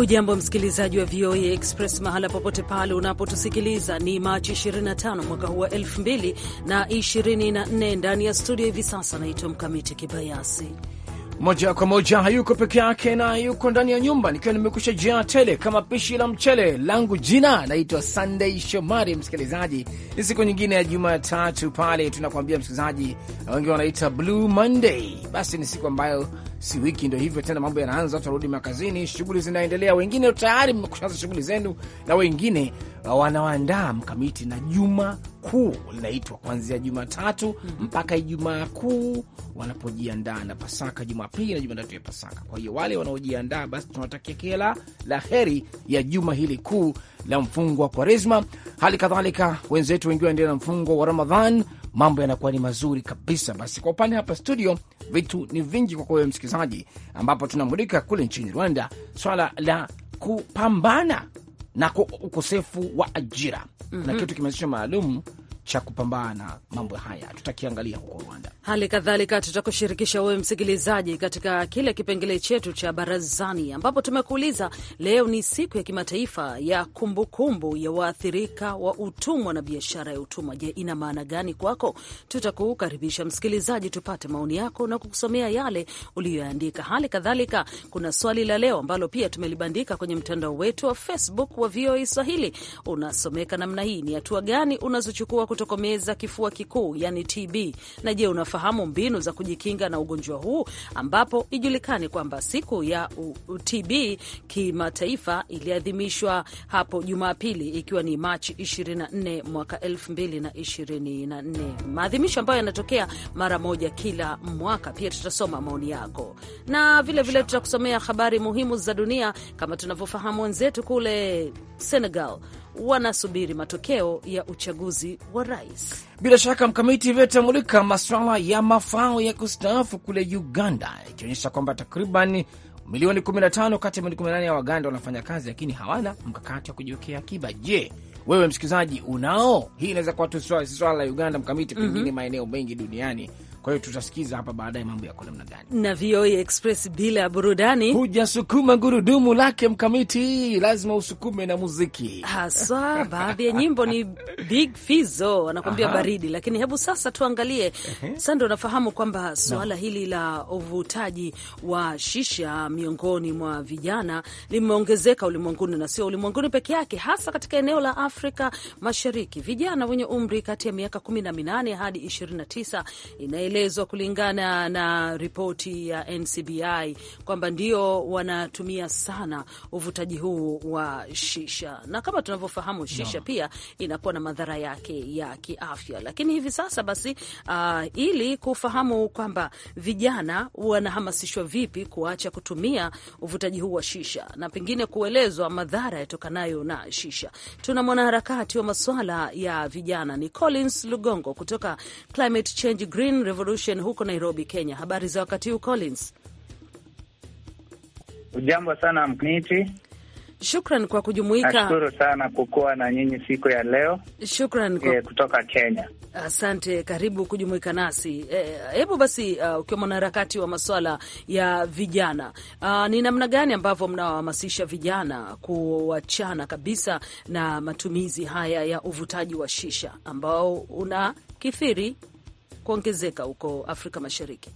Hujambo msikilizaji wa VOA Express mahala popote pale unapotusikiliza. Ni Machi 25 mwaka huu wa 2024. Ndani ya studio hivi sasa naitwa Mkamiti Kibayasi. Moja kwa moja hayuko peke yake na yuko ndani ya nyumba, nikiwa nimekusha jia tele kama pishi la mchele langu. Jina naitwa Sunday Shomari. Msikilizaji, ni siku nyingine ya Jumatatu pale tunakuambia msikilizaji, wengi wanaita Blue Monday. Basi ni siku ambayo si wiki ndio hivyo tena, mambo yanaanza, watu warudi makazini, shughuli zinaendelea, wengine tayari mmekushaanza shughuli zenu, na wengine uh, wanawaandaa mkamiti na juma kuu linaitwa kuanzia Jumatatu hmm. mpaka Ijumaa Kuu, wanapojiandaa na Pasaka Jumapili na Jumatatu ya Pasaka. Kwa hiyo wale wanaojiandaa, basi tunawatakia kila la heri ya juma hili kuu la mfungo wa Kwaresma. Hali kadhalika wenzetu wengi waendelea na mfungo wa Ramadhan mambo yanakuwa ni mazuri kabisa. Basi kwa upande hapa studio vitu ni vingi kwa wewe msikilizaji, ambapo tunamulika kule nchini Rwanda swala la kupambana na ukosefu wa ajira mm -hmm. na mhm. kitu kimeanzishwa maalum cha kupambana na mambo haya, tutakiangalia huko Rwanda. Hali kadhalika tutakushirikisha wewe msikilizaji katika kile kipengele chetu cha barazani, ambapo tumekuuliza leo ni siku ya kimataifa ya kumbukumbu kumbu ya waathirika wa utumwa na biashara ya utumwa. Je, ina maana gani kwako? Tutakukaribisha msikilizaji, tupate maoni yako na kukusomea yale uliyoandika. Hali kadhalika kuna swali la leo ambalo pia tumelibandika kwenye mtandao wetu wa Facebook wa VOA Swahili, unasomeka namna hii: ni hatua gani unazochukua kutokomeza kifua kikuu, yani TB. Na je, unafahamu mbinu za kujikinga na ugonjwa huu, ambapo ijulikane kwamba siku ya TB kimataifa iliadhimishwa hapo Jumapili, ikiwa ni Machi 24 mwaka 2024, maadhimisho ambayo yanatokea mara moja kila mwaka. Pia tutasoma maoni yako na vilevile tutakusomea habari muhimu za dunia kama tunavyofahamu wenzetu kule Senegal wanasubiri matokeo ya uchaguzi wa rais. Bila shaka mkamiti hivyotamulika maswala ya mafao ya kustaafu kule Uganda, ikionyesha kwamba takriban milioni 15 kati ya milioni 18 ya Waganda wanafanya kazi, lakini hawana mkakati wa kujiwekea akiba. Je, wewe msikilizaji, unao? Hii inaweza kuwa tu swala la Uganda mkamiti, pengine mm -hmm. maeneo mengi duniani kwa hiyo tutasikiza hapa baadaye mambo yako namna gani na VOA Express. Bila burudani hujasukuma gurudumu lake mkamiti, lazima usukume na muziki haswa. Baadhi ya nyimbo ni Big Fizo anakuambia baridi, lakini hebu sasa tuangalie Sando, nafahamu kwamba suala no. hili la uvutaji wa shisha miongoni mwa vijana limeongezeka ulimwenguni na sio ulimwenguni peke yake, hasa katika eneo la Afrika Mashariki. Vijana wenye umri kati ya miaka minane hadi 29 ina inaelezwa kulingana na ripoti ya NCBI kwamba ndio wanatumia sana uvutaji huu wa shisha, na kama tunavyofahamu shisha no. pia inakuwa na madhara yake ya kiafya, lakini hivi sasa basi, uh, ili kufahamu kwamba vijana wanahamasishwa vipi kuacha kutumia uvutaji huu wa shisha na pengine kuelezwa madhara yatokanayo na shisha, tuna mwanaharakati wa masuala ya vijana ni Collins Lugongo kutoka Climate Change Green Revolution huko Nairobi, Kenya. Habari za wakati huu Collins? Ujambo sana Mkniti. Shukran kwa kujumuika. Nashukuru sana kukuwa na nyinyi siku ya leo. Shukran kwa... E, kutoka Kenya. Asante, karibu kujumuika nasi. Eh, hebu e, basi uh, ukiwa mwanaharakati wa masuala ya vijana uh, ni namna gani ambavyo mnawahamasisha vijana kuachana kabisa na matumizi haya ya uvutaji wa shisha ambao una kithiri kuongezeka huko Afrika Mashariki?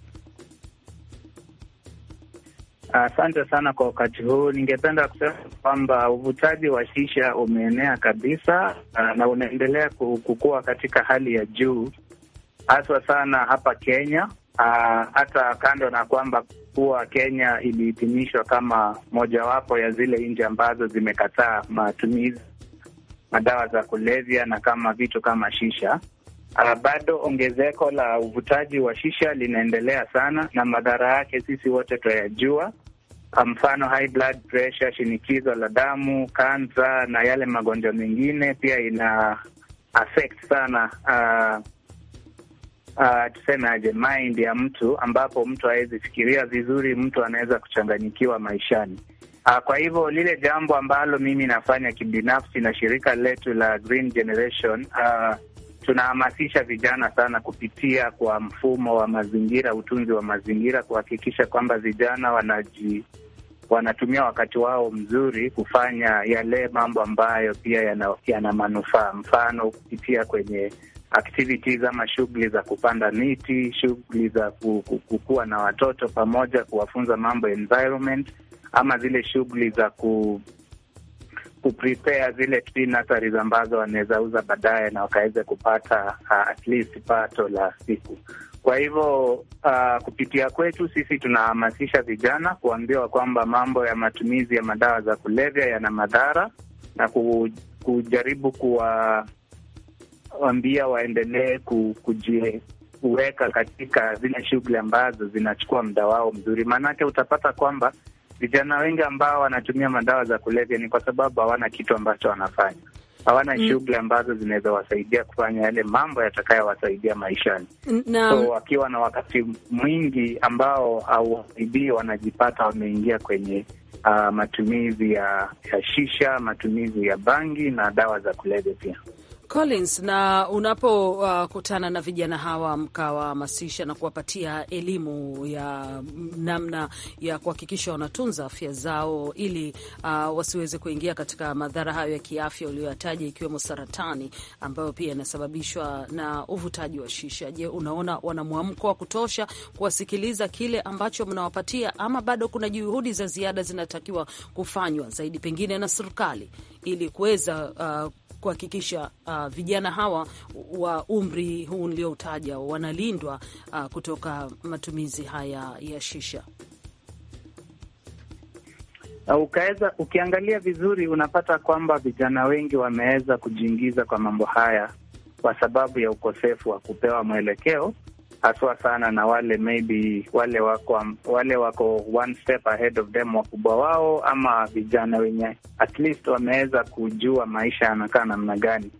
Asante sana kwa wakati huu. Ningependa kusema kwamba uvutaji wa shisha umeenea kabisa na unaendelea kukua katika hali ya juu, haswa sana hapa Kenya. Ah, hata kando na kwamba kuwa Kenya ilihitimishwa kama mojawapo ya zile nchi ambazo zimekataa matumizi madawa za kulevya na kama vitu kama shisha Uh, bado ongezeko la uvutaji wa shisha linaendelea sana na madhara yake sisi wote tunayajua. Mfano, high blood pressure, shinikizo la damu, kansa na yale magonjwa mengine, pia ina affect sana uh, uh, tuseme aje, mind ya mtu, ambapo mtu hawezi fikiria vizuri, mtu anaweza kuchanganyikiwa maishani. Uh, kwa hivyo lile jambo ambalo mimi nafanya kibinafsi na shirika letu la Green Generation uh, tunahamasisha vijana sana kupitia kwa mfumo wa mazingira, utunzi wa mazingira, kuhakikisha kwamba vijana wanaji wanatumia wakati wao mzuri kufanya yale mambo ambayo pia yana, yana manufaa, mfano kupitia kwenye activities ama shughuli za kupanda miti, shughuli za kukua na watoto pamoja, kuwafunza mambo environment, ama zile shughuli za ku kuprepare zile tree nurseries ambazo wanaweza uza baadaye na wakaweze kupata uh, at least pato la siku. Kwa hivyo uh, kupitia kwetu sisi tunahamasisha vijana kuambiwa kwamba mambo ya matumizi ya madawa za kulevya yana madhara na kujaribu kuwaambia waendelee kujiweka katika zile shughuli ambazo zinachukua muda wao mzuri, maanake utapata kwamba vijana wengi ambao wanatumia madawa za kulevya ni kwa sababu hawana kitu ambacho wanafanya, hawana mm. shughuli ambazo zinaweza wasaidia kufanya yale mambo yatakayowasaidia maishani no. So wakiwa na wakati mwingi ambao hauwasaidii, wanajipata wameingia kwenye uh, matumizi ya, ya shisha, matumizi ya bangi na dawa za kulevya pia. Collins, na unapokutana uh, na vijana hawa mkawahamasisha na kuwapatia elimu ya namna ya kuhakikisha wanatunza afya zao ili uh, wasiweze kuingia katika madhara hayo ya kiafya uliyoyataja ikiwemo saratani ambayo pia inasababishwa na uvutaji wa shisha. Je, unaona wana mwamko wa kutosha kuwasikiliza kile ambacho mnawapatia ama bado kuna juhudi za ziada zinatakiwa kufanywa zaidi pengine na serikali ili kuweza uh, kuhakikisha uh, vijana hawa wa umri huu nilioutaja wanalindwa uh, kutoka matumizi haya ya shisha? Ukaweza, ukiangalia vizuri unapata kwamba vijana wengi wameweza kujiingiza kwa mambo haya kwa sababu ya ukosefu wa kupewa mwelekeo haswa sana na wale maybe wale wako wale wako one step ahead of them, wakubwa wao ama vijana wenye at least wameweza kujua maisha yanakaa namna gani.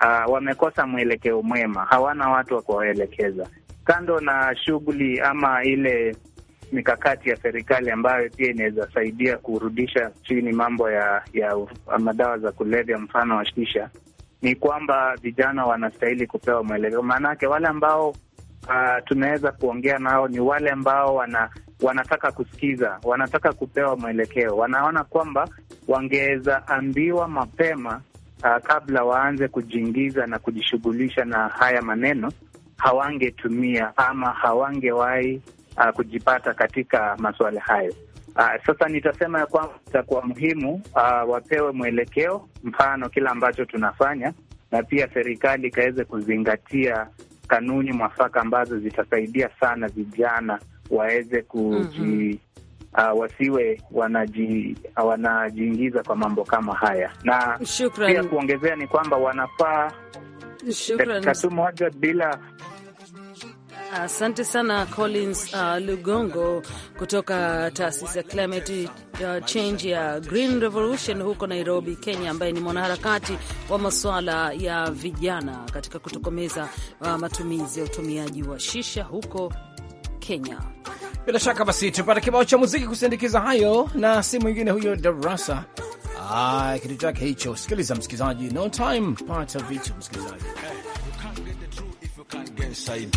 Uh, wamekosa mwelekeo mwema, hawana watu wa kuwaelekeza, kando na shughuli ama ile mikakati ya serikali ambayo pia inaweza saidia kurudisha chini mambo ya ya madawa za kulevya, mfano wa shisha. Ni kwamba vijana wanastahili kupewa mwelekeo, maanake wale ambao uh, tunaweza kuongea nao ni wale ambao wana wanataka kusikiza, wanataka kupewa mwelekeo, wanaona kwamba wangeweza ambiwa mapema uh, kabla waanze kujiingiza na kujishughulisha na haya maneno, hawangetumia ama hawangewahi uh, kujipata katika masuala hayo. Uh, sasa nitasema ya kwamba itakuwa muhimu uh, wapewe mwelekeo, mfano kila ambacho tunafanya, na pia serikali ikaweze kuzingatia kanuni mwafaka ambazo zitasaidia sana vijana waweze kuji mm -hmm. uh, wasiwe wanaji, wanajiingiza kwa mambo kama haya, na Shukran. pia kuongezea ni kwamba wanafaa katu Tatu moja bila Asante sana Collins uh, Lugongo kutoka taasisi ya Climate uh, Change ya Green Revolution huko Nairobi, Kenya, ambaye ni mwanaharakati wa masuala ya vijana katika kutokomeza uh, matumizi ya utumiaji wa shisha huko Kenya. Bila shaka basi tupate kibao cha muziki kusindikiza hayo, na si mwingine huyo Darasa. Ah, kitu chake hicho. Sikiliza msikilizaji, no time pata vitu msikilizaji side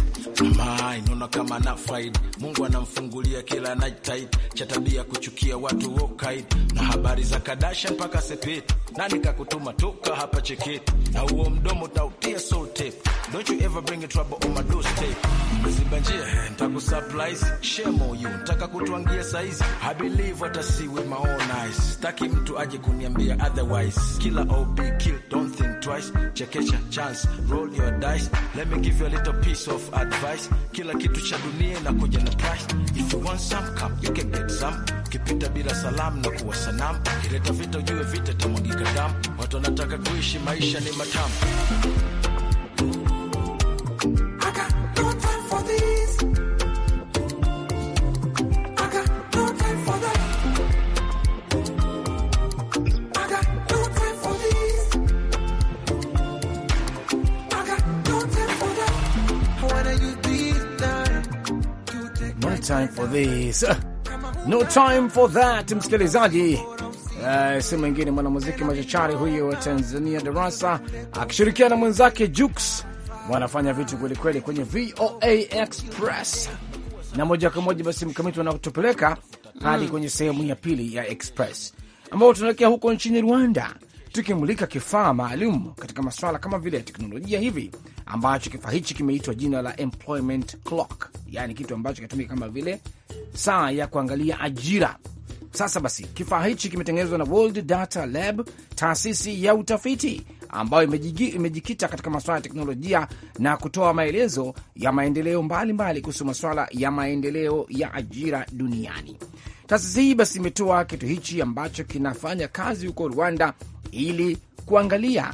mai naona kama na fight Mungu anamfungulia kila night tight cha tabia kuchukia watu wokai na habari za kadasha mpaka sepeti nani kakutuma toka hapa cheketi na huo mdomo tautia salt tape don't you ever bring a trouble on my doorstep mziba njia nitakusurprise shemo you nataka kutwangia saizi I believe what I see with my own eyes taki mtu aje kuniambia otherwise kila OB kill don't think twice chekesha chance roll your dice let me give you a little piece piece of advice, kila kitu cha dunia na kuja na price. If you want some, come, you can get some. Kipita bila salamu na kuwa sanamu, kileta vita ujue vita tamwagika damu. Watu wanataka kuishi maisha ni matamu time for this. No time for that, msikilizaji. Uh, si mwingine mwanamuziki machachari huyo wa Tanzania Darasa akishirikiana na mwenzake Jux wanafanya vitu kwelikweli kwenye VOA Express na moja kwa moja basi, mkamiti wanakutupeleka hadi mm, kwenye sehemu ya pili ya Express ambao tunaelekea huko nchini Rwanda tukimulika kifaa maalum katika masuala kama vile ya teknolojia hivi, ambacho kifaa hichi kimeitwa jina la employment clock, yaani kitu ambacho kinatumika kama vile saa ya kuangalia ajira. Sasa basi, kifaa hichi kimetengenezwa na World Data Lab, taasisi ya utafiti ambayo imejikita katika masuala ya teknolojia na kutoa maelezo ya maendeleo mbalimbali kuhusu masuala ya maendeleo ya ajira duniani. Taasisi hii basi imetoa kitu hichi ambacho kinafanya kazi huko Rwanda ili kuangalia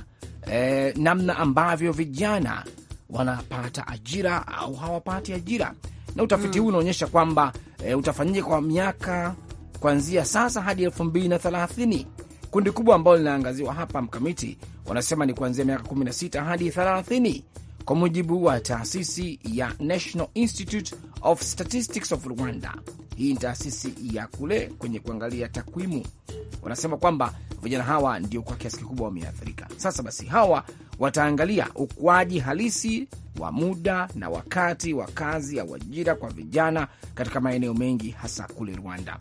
eh, namna ambavyo vijana wanapata ajira au hawapati ajira, na utafiti huu mm, unaonyesha kwamba eh, utafanyika kwa miaka kuanzia sasa hadi elfu mbili na thelathini. Kundi kubwa ambalo linaangaziwa hapa mkamiti wanasema ni kuanzia miaka 16 hadi thelathini kwa mujibu wa taasisi ya National Institute of Statistics of Rwanda. Hii ni taasisi ya kule kwenye kuangalia takwimu. Wanasema kwamba vijana hawa ndio kwa kiasi kikubwa wameathirika. Sasa basi, hawa wataangalia ukuaji halisi wa muda na wakati wa kazi au ajira kwa vijana katika maeneo mengi, hasa kule Rwanda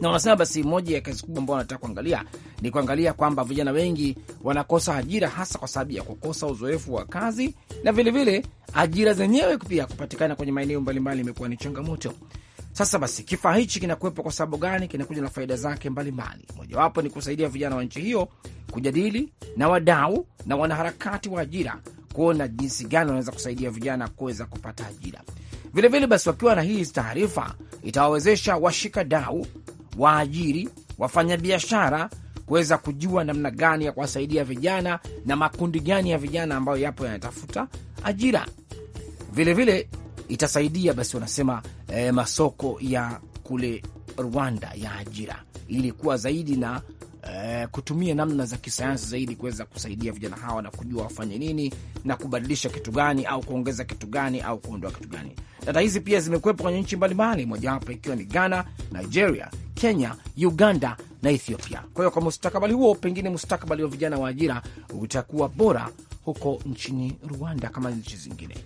na wanasema basi, moja ya kazi kubwa ambao wanataka kuangalia ni kuangalia kwamba vijana wengi wanakosa ajira hasa kwa sababu ya kukosa uzoefu wa kazi, na vilevile vile, ajira zenyewe pia kupatikana kwenye maeneo mbalimbali imekuwa ni changamoto. Sasa basi kifaa hichi kinakuwepo kwa sababu gani? Kinakuja na faida zake mbalimbali, mojawapo ni kusaidia vijana wa nchi hiyo kujadili na wadau na wanaharakati wa ajira kuona jinsi gani wanaweza kusaidia vijana kuweza kupata ajira. Vilevile vile basi, wakiwa na hii taarifa itawawezesha washikadau, waajiri, wafanyabiashara kuweza kujua namna gani ya kuwasaidia vijana na makundi gani ya vijana ambayo yapo yanatafuta ajira. Vilevile vile, itasaidia basi wanasema eh, masoko ya kule Rwanda ya ajira ili kuwa zaidi na Eh, kutumia namna za kisayansi zaidi kuweza kusaidia vijana hawa na kujua wafanye nini na kubadilisha kitu gani au kuongeza kitu gani au kuondoa kitu gani. Data hizi pia zimekuwepo kwenye nchi mbalimbali, mojawapo ikiwa ni Ghana, Nigeria, Kenya, Uganda na Ethiopia. Kwa hiyo kwa mustakabali huo, pengine mustakabali wa vijana wa ajira utakuwa bora huko nchini Rwanda kama nchi zingine.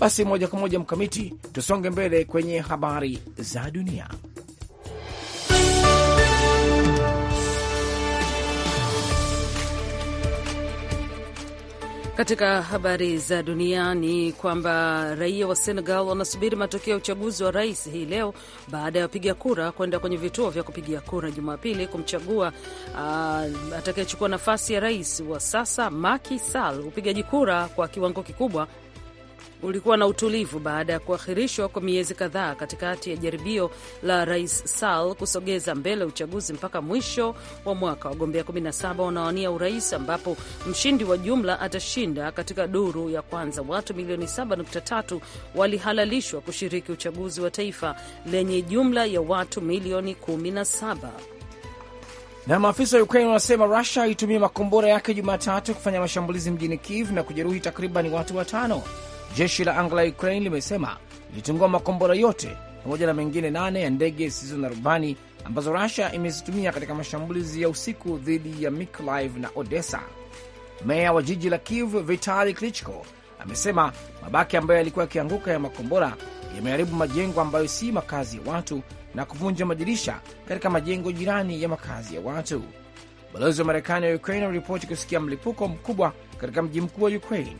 Basi moja kwa moja, Mkamiti, tusonge mbele kwenye habari za dunia. Katika habari za dunia ni kwamba raia wa Senegal wanasubiri matokeo ya uchaguzi wa rais hii leo baada ya wapiga kura kwenda kwenye vituo vya kupigia kura Jumapili kumchagua uh, atakayechukua nafasi ya rais wa sasa Macky Sall. Upigaji kura kwa kiwango kikubwa ulikuwa na utulivu baada ya kuahirishwa kwa miezi kadhaa katikati ya jaribio la Rais Sall kusogeza mbele uchaguzi mpaka mwisho wa mwaka. Wagombea 17 wanawania urais, ambapo mshindi wa jumla atashinda katika duru ya kwanza. Watu milioni 7.3 walihalalishwa kushiriki uchaguzi wa taifa lenye jumla ya watu milioni 17. Na maafisa wa Ukraine wanasema Rusia haitumia makombora yake Jumatatu kufanya mashambulizi mjini Kiev na kujeruhi takriban watu watano. Jeshi la anga la Ukraine limesema lilitungua makombora yote pamoja na mengine nane ya ndege zisizo na rubani ambazo rasha imezitumia katika mashambulizi ya usiku dhidi ya Mykolaiv na Odessa. Meya wa jiji la Kiev Vitali Klitschko amesema mabaki ambayo yalikuwa yakianguka ya makombora yameharibu majengo ambayo si makazi ya watu na kuvunja madirisha katika majengo jirani ya makazi ya watu. Balozi wa Marekani wa Ukraine aliripoti kusikia mlipuko mkubwa katika mji mkuu wa Ukraine.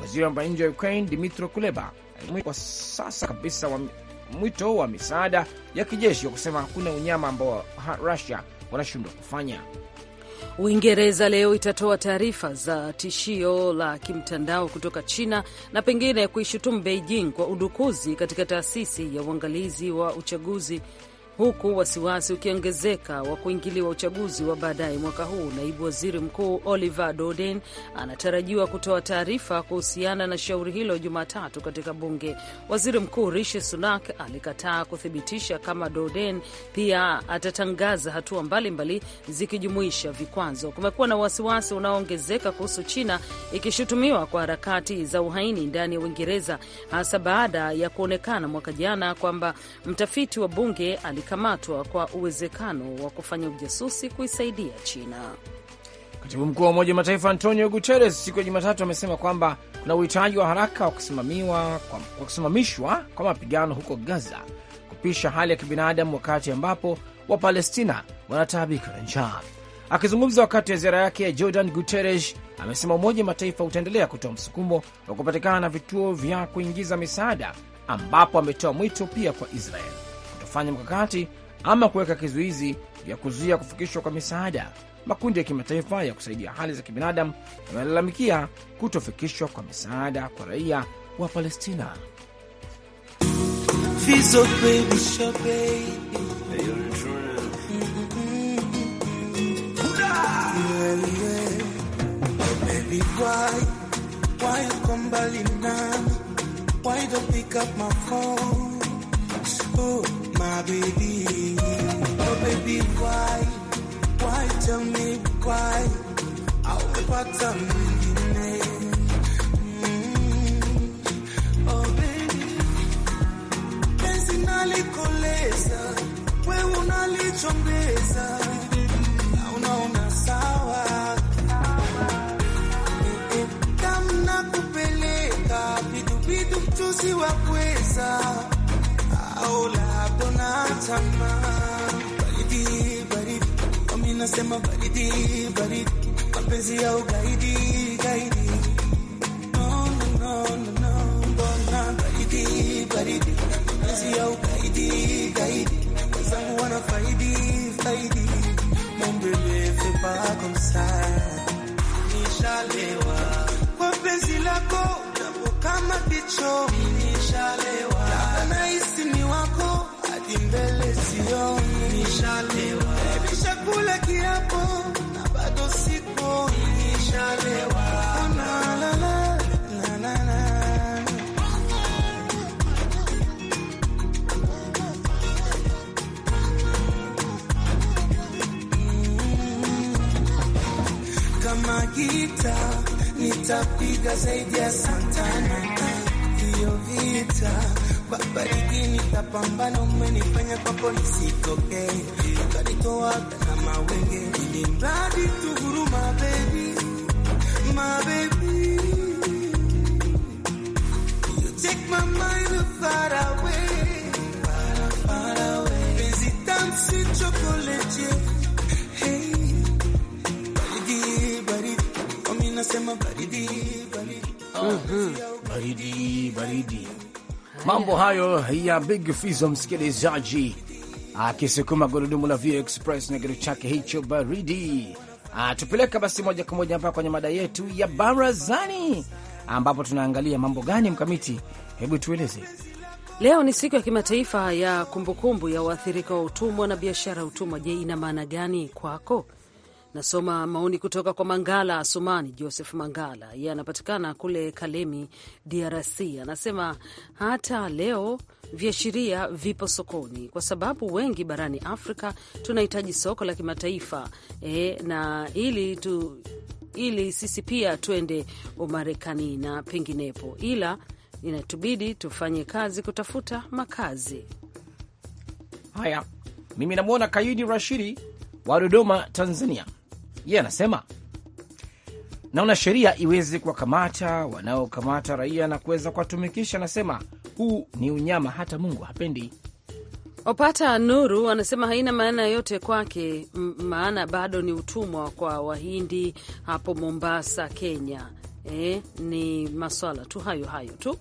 Waziri wa mambo ya nje wa Ukraine Dmitro Kuleba kwa sasa kabisa wa mwito wa misaada ya kijeshi wa kusema hakuna unyama ambao rasia wanashindwa kufanya. Uingereza leo itatoa taarifa za tishio la kimtandao kutoka China na pengine kuishutumu Beijing kwa udukuzi katika taasisi ya uangalizi wa uchaguzi huku wasiwasi ukiongezeka wa kuingiliwa uchaguzi wa baadaye mwaka huu. Naibu waziri mkuu Oliver Doden anatarajiwa kutoa taarifa kuhusiana na shauri hilo Jumatatu katika bunge. Waziri Mkuu Rishi Sunak alikataa kuthibitisha kama Doden pia atatangaza hatua mbalimbali zikijumuisha vikwazo. Kumekuwa na wasiwasi unaoongezeka kuhusu China ikishutumiwa kwa harakati za uhaini ndani ya Uingereza, hasa baada ya kuonekana mwaka jana kwamba mtafiti wa bunge alikamatwa kwa uwezekano wa kufanya ujasusi kuisaidia China. Katibu mkuu wa Umoja wa Mataifa Antonio Guterres siku ya Jumatatu amesema kwamba kuna uhitaji wa haraka wa kusimamiwa kwa kusimamishwa kwa mapigano huko Gaza, kupisha hali ya kibinadamu wakati ambapo Wapalestina wanataabika na njaa. Akizungumza wakati wa ziara yake ya Jordan, Guterres amesema Umoja wa Mataifa utaendelea kutoa msukumo wa kupatikana na vituo vya kuingiza misaada, ambapo ametoa mwito pia kwa Israeli kufanya mkakati ama kuweka kizuizi vya kuzuia kufikishwa kwa misaada. Makundi ya kimataifa ya kusaidia hali za kibinadamu yamelalamikia kutofikishwa kwa misaada kwa raia wa Palestina. baby, my baby. Oh baby, why, why tell me why? Aupata mwingine mm. Oh baby, penzi nalikoleza, wewe unalichongeza na unaona sawa eh, eh, kamna kupeleka vitu vitu mchuzi wa kweza Nishalewa kwa penzi lako kama kicho nishalewa nimeshakula kiapo na bado siko mm. gita nitapiga zaidi ya santana hiyo vita Bariki nitapambana, umenifanya kwako nisikoke, ukanitoa kana mawenge, ili mradi tu huruma, baby my baby, you take my mind far away, far away, basi tamsi chocolate, hey, baridi baridi, mimi nasema baridi baridi, mm-hmm. baridi baridi Mambo hayo ya Big Fizo, msikilizaji akisukuma gurudumu la Vio Express na kitu chake hicho baridi, atupeleka ah, basi moja kwa moja hapa kwenye mada yetu ya barazani, ambapo tunaangalia mambo gani. Mkamiti, hebu tueleze. Leo ni siku ya kimataifa ya kumbukumbu ya waathirika wa utumwa na biashara ya utumwa. Je, ina maana gani kwako? Nasoma maoni kutoka kwa Mangala asumani Joseph Mangala, yeye anapatikana kule Kalemi, DRC. Anasema hata leo viashiria vipo sokoni, kwa sababu wengi barani Afrika tunahitaji soko la kimataifa e, na ili tu, ili sisi pia tuende Umarekani na penginepo, ila inatubidi tufanye kazi kutafuta makazi haya. Mimi namwona Kayidi Rashidi wa Dodoma, Tanzania, yeye anasema naona sheria iweze kuwakamata wanaokamata raia na kuweza kuwatumikisha. Anasema huu ni unyama, hata Mungu hapendi. Opata Nuru anasema haina maana yote kwake, maana bado ni utumwa kwa Wahindi hapo Mombasa, Kenya. E, ni maswala tu hayo hayo tu.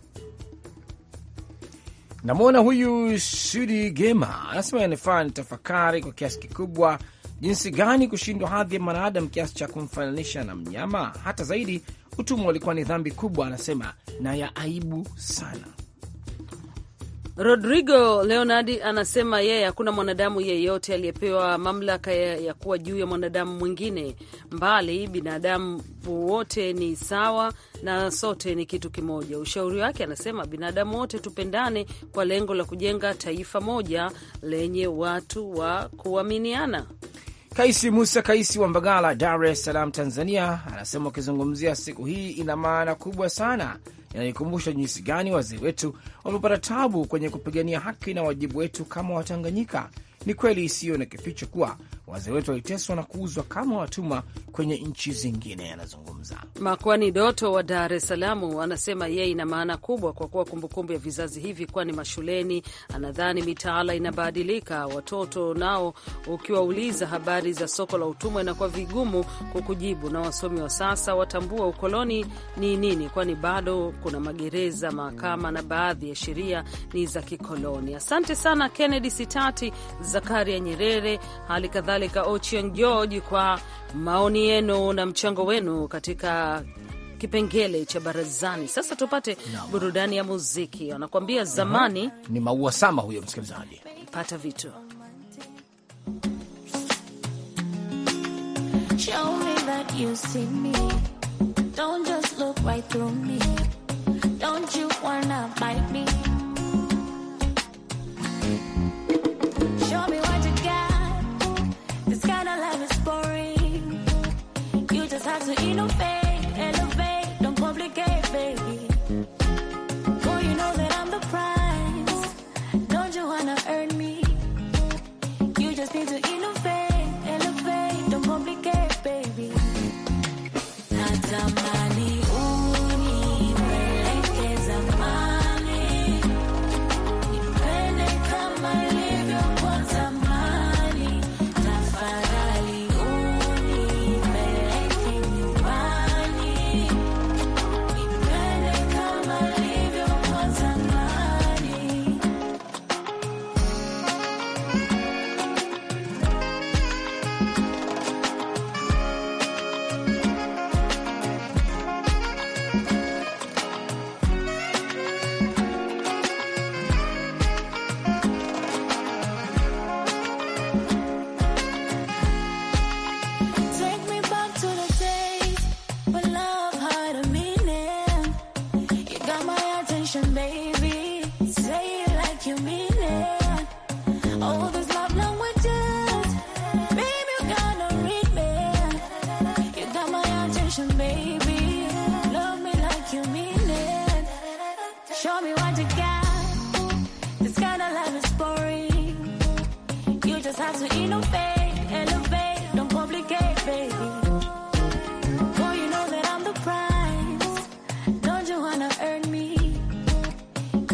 Namwona huyu Sudi Gema anasema ni nitafakari kwa kiasi kikubwa Jinsi gani kushindwa hadhi ya mwanadamu kiasi cha kumfananisha na mnyama? Hata zaidi, utumwa ulikuwa ni dhambi kubwa, anasema, na ya aibu sana. Rodrigo Leonardi anasema yeye hakuna mwanadamu yeyote aliyepewa mamlaka ya, ya kuwa juu ya mwanadamu mwingine, mbali binadamu wote ni sawa na sote ni kitu kimoja. Ushauri wake anasema, binadamu wote tupendane kwa lengo la kujenga taifa moja lenye watu wa kuaminiana. Kaisi Musa Kaisi wa Mbagala, Dar es Salaam, Tanzania, anasema ukizungumzia siku hii ina maana kubwa sana, inaikumbusha jinsi gani wazee wetu wamepata tabu kwenye kupigania haki na wajibu wetu kama Watanganyika. Ni kweli isiyo na kificho kuwa wazee wetu waliteswa na kuuzwa kama watumwa kwenye nchi zingine, anazungumza Makwani Doto wa Dar es Salaam. Anasema yeye ina maana kubwa kwa kuwa kumbukumbu ya vizazi hivi, kwani mashuleni, anadhani mitaala inabadilika. Watoto nao ukiwauliza habari za soko la utumwa inakuwa vigumu kukujibu, na wasomi wa sasa watambua ukoloni ni nini, kwani bado kuna magereza, mahakama na baadhi ya sheria ni za kikoloni. Asante sana Kennedy Sitati, Zakaria Nyerere, hali kadhalika kadhalika Ochieng George kwa maoni yenu na mchango wenu katika kipengele cha barazani. Sasa tupate no. burudani ya muziki. Anakuambia zamani ni maua sama huyo msikilizaji, pata vitu me. Don't You just have to innovate, elevate, don't complicate, baby. Boy, you know that I'm the prize. Don't you wanna earn me?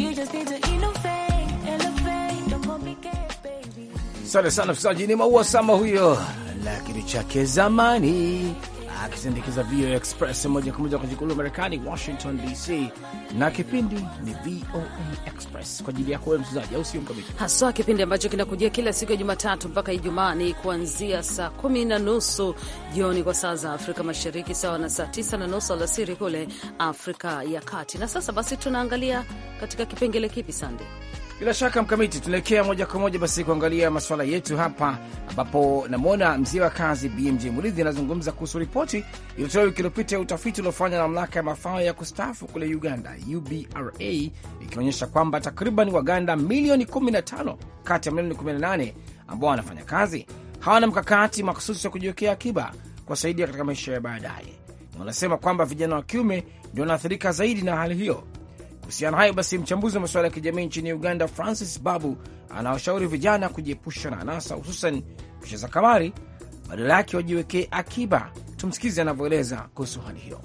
You just need to innovate, elevate, don't complicate, baby. Asante sana msikilizaji, ni Maua Sama huyo Lakini chake zamani. akisindikiza VOA Express moja kwa moja kwa jikuu Marekani, Washington DC, na kipindi ni VOA Express kwa ajili yako wewe msikilizaji, au sio Mkamiti? Haswa kipindi ambacho kinakujia kila siku ya Jumatatu mpaka Ijumaa ni kuanzia saa kumi na nusu jioni kwa saa za Afrika Mashariki, sawa na saa tisa na nusu alasiri kule Afrika ya Kati. Na sasa basi tunaangalia katika kipengele kipi, Sande? Bila shaka Mkamiti, tunaelekea moja kwa moja basi kuangalia masuala yetu hapa, ambapo namwona mzee wa kazi BMJ muridhi anazungumza kuhusu ripoti iliyotolewa wiki iliyopita ya utafiti uliofanywa na mamlaka ya mafao ya kustaafu kule Uganda, UBRA, ikionyesha kwamba takriban Waganda milioni 15 kati ya milioni 18 ambao wanafanya kazi hawana mkakati makhususi wa kujiwekea akiba kuwasaidia katika maisha ya baadaye, wanasema kwamba vijana wa kiume ndio wanaathirika zaidi na hali hiyo Kuhusiana hayo basi, mchambuzi wa masuala ya kijamii nchini Uganda, Francis Babu, anawashauri vijana kujiepusha na anasa, hususan kucheza za kamari, badala yake wajiwekee akiba. Tumsikize anavyoeleza kuhusu hali hiyo.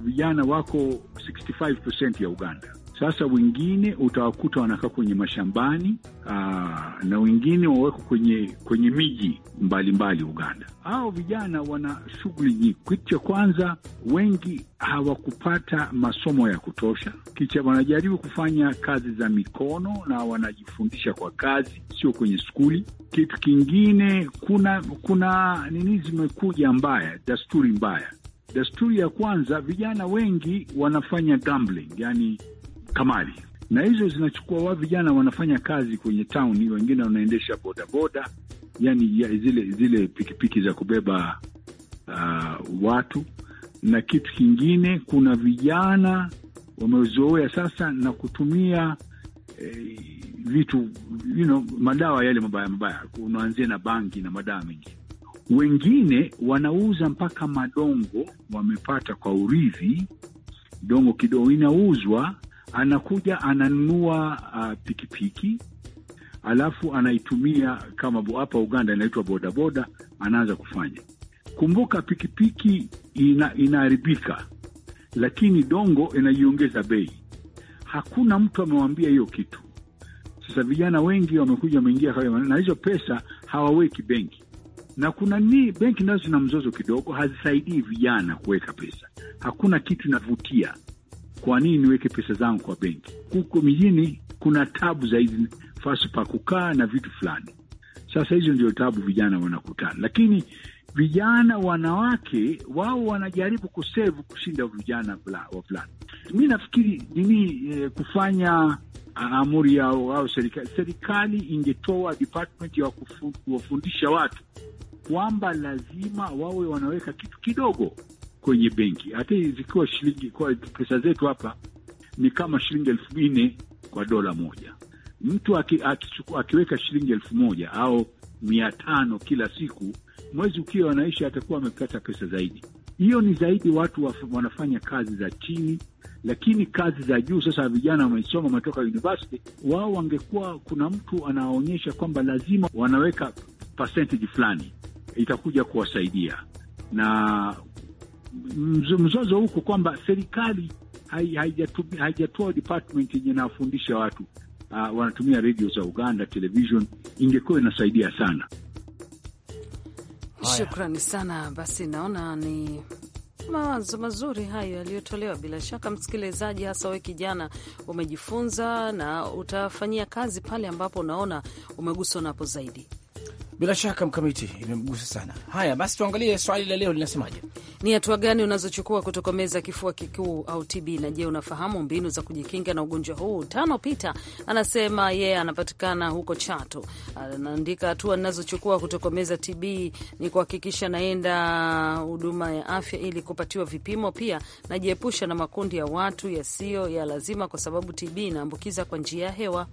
Vijana wako 65% ya Uganda sasa wengine utawakuta wanakaa kwenye mashambani aa, na wengine wawekwa kwenye kwenye miji mbalimbali Uganda. Hao vijana wana shughuli nyingi. Kitu cha kwanza, wengi hawakupata masomo ya kutosha, kicha wanajaribu kufanya kazi za mikono na wanajifundisha kwa kazi, sio kwenye skuli. Kitu kingine, kuna kuna nini, zimekuja mbaya, dasturi mbaya. Dasturi ya kwanza, vijana wengi wanafanya gambling, yani kamari, na hizo zinachukua wa vijana wanafanya kazi kwenye tauni, wengine wanaendesha bodaboda, yani ya zile zile pikipiki za kubeba uh, watu. Na kitu kingine, kuna vijana wamezoea sasa na kutumia eh, vitu you know, madawa yale mabaya mabaya, unaanzia na bangi na madawa mengine. Wengine wanauza mpaka madongo, wamepata kwa urithi dongo kidogo, inauzwa anakuja ananunua uh, pikipiki alafu anaitumia kama hapa Uganda inaitwa bodaboda, anaanza kufanya. Kumbuka pikipiki ina, inaharibika, lakini dongo inaiongeza bei. Hakuna mtu amewambia hiyo kitu. Sasa vijana wengi wamekuja wameingia na hizo pesa hawaweki benki, na kuna ni benki nazo zina mzozo kidogo, hazisaidii vijana kuweka pesa. Hakuna kitu inavutia kwa nini niweke pesa zangu kwa benki? Huko mijini kuna tabu zaidi, nafasi pa kukaa na vitu fulani. Sasa hizo ndio tabu vijana wanakutana, lakini vijana wanawake wao wanajaribu kusevu kushinda vijana fulani Mi nafikiri nini, eh, kufanya amuri yao au serikali, serikali ingetoa department ya kuwafundisha watu kwamba lazima wawe wanaweka kitu kidogo kwenye benki. Hata zikiwa shilingi kwa pesa zetu hapa ni kama shilingi elfu nne kwa dola moja. Mtu aki, akiweka shilingi elfu moja au mia tano kila siku, mwezi ukiwa anaishi atakuwa amepata pesa zaidi. Hiyo ni zaidi, watu wanafanya kazi za chini, lakini kazi za juu sasa, vijana wamesoma, wametoka university, wao wangekuwa kuna mtu anaonyesha kwamba lazima wanaweka percentage fulani itakuja kuwasaidia na mzozo huko kwamba serikali haijatoa department yenye nawafundisha watu uh, wanatumia redio za Uganda, television, ingekuwa inasaidia sana. Shukrani sana. Basi naona ni mawazo mazuri hayo yaliyotolewa. Bila shaka, msikilizaji, hasa we kijana, umejifunza na utafanyia kazi pale ambapo unaona umeguswa napo zaidi. Bila shaka Mkamiti imemgusa sana. Haya basi, tuangalie swali la leo linasemaje? Ni hatua gani unazochukua kutokomeza kifua kikuu au TB, na je, unafahamu mbinu za kujikinga na ugonjwa huu? Tano Pita anasema yeye yeah, anapatikana huko Chato. Anaandika, hatua ninazochukua kutokomeza TB ni kuhakikisha naenda huduma ya afya ili kupatiwa vipimo. Pia najiepusha na makundi ya watu yasiyo ya lazima, kwa sababu TB inaambukiza kwa njia ya hewa.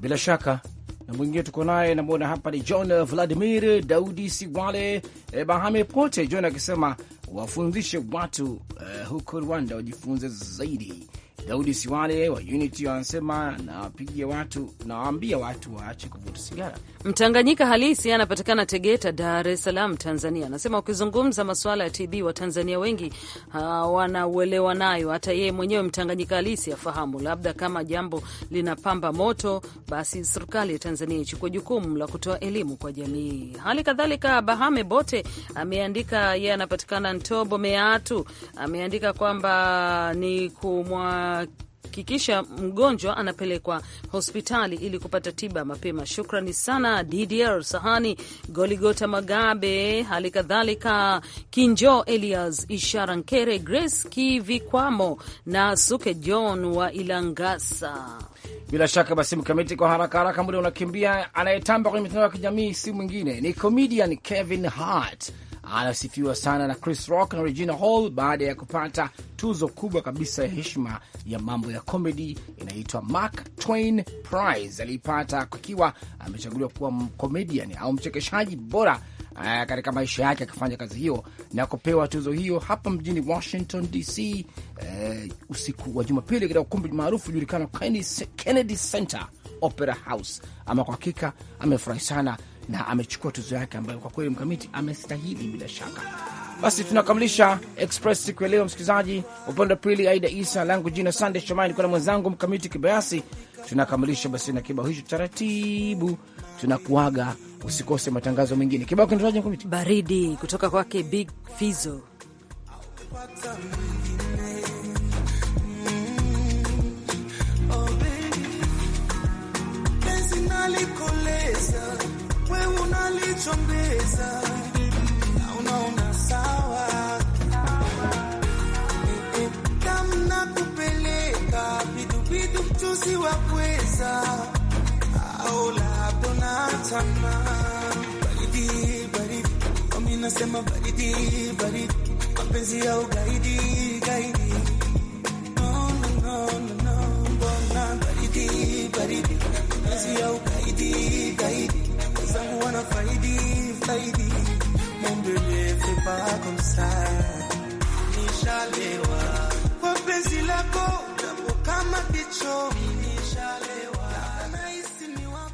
Bila shaka na mwingine tuko naye, namwona hapa ni John Vladimir Daudi Siwale eh, Bahame Pote. John akisema wafundishe watu uh, huko Rwanda wajifunze zaidi Daudi Siwale wa Unity wanasema nawapigia watu, nawaambia watu waache kuvuta sigara. Mtanganyika halisi anapatikana Tegeta, Dar es Salaam, Tanzania, anasema ukizungumza masuala ya TB Watanzania wengi ah, wanauelewa nayo, hata yeye mwenyewe Mtanganyika halisi afahamu. Labda kama jambo linapamba moto, basi serikali ya Tanzania ichukue jukumu la kutoa elimu kwa jamii. Hali kadhalika, Bahame Bote ameandika, yeye anapatikana Ntobo Meatu, ameandika kwamba ni kumwa kuhakikisha mgonjwa anapelekwa hospitali ili kupata tiba mapema. Shukrani sana DDR Sahani, Goligota Magabe, hali kadhalika Kinjo Elias, Ishara Nkere, Grace Kivikwamo na Suke John wa Ilangasa. Bila shaka basi, Mkamiti, kwa haraka haraka, muda unakimbia. Anayetamba kwenye mitandao ya kijamii si mwingine ni comedian Kevin Hart anasifiwa sana na Chris Rock na Regina Hall baada ya kupata tuzo kubwa kabisa ya heshima ya mambo ya comedy inaitwa Mark Twain Prize. Aliipata akiwa amechaguliwa kuwa comedian au mchekeshaji bora Uh, katika maisha yake akifanya kazi hiyo na kupewa tuzo hiyo hapa mjini Washington DC, uh, eh, usiku wa Jumapili katika ukumbi maarufu julikana Kennedy Center Opera House. Ama kwa hakika amefurahi sana na amechukua tuzo yake ambayo kwa kweli mkamiti amestahili bila shaka. Basi tunakamilisha Express siku ya leo, msikilizaji. Upande wa pili, Aida Isa langu jina Sande Shomai, nikuwa na mwenzangu Mkamiti Kibayasi. Tunakamilisha basi na kibao hicho taratibu, tunakuaga. Usikose matangazo mengine. Kibao kinatoaje Mkamiti? Baridi kutoka kwake Big Fizo. alichombeza na unaona sawa kamna kupeleka viduvidu mchuzi wa pweza au labda na tama baridi baridi wami nasema baridi baridi mapenzi ya ugaidi gaidi no, no, no, no, mbona baridi baridi mapenzi ya ugaidi gaidi va Nishalewa, kwa penzi lako, kama kichomi, nishalewa.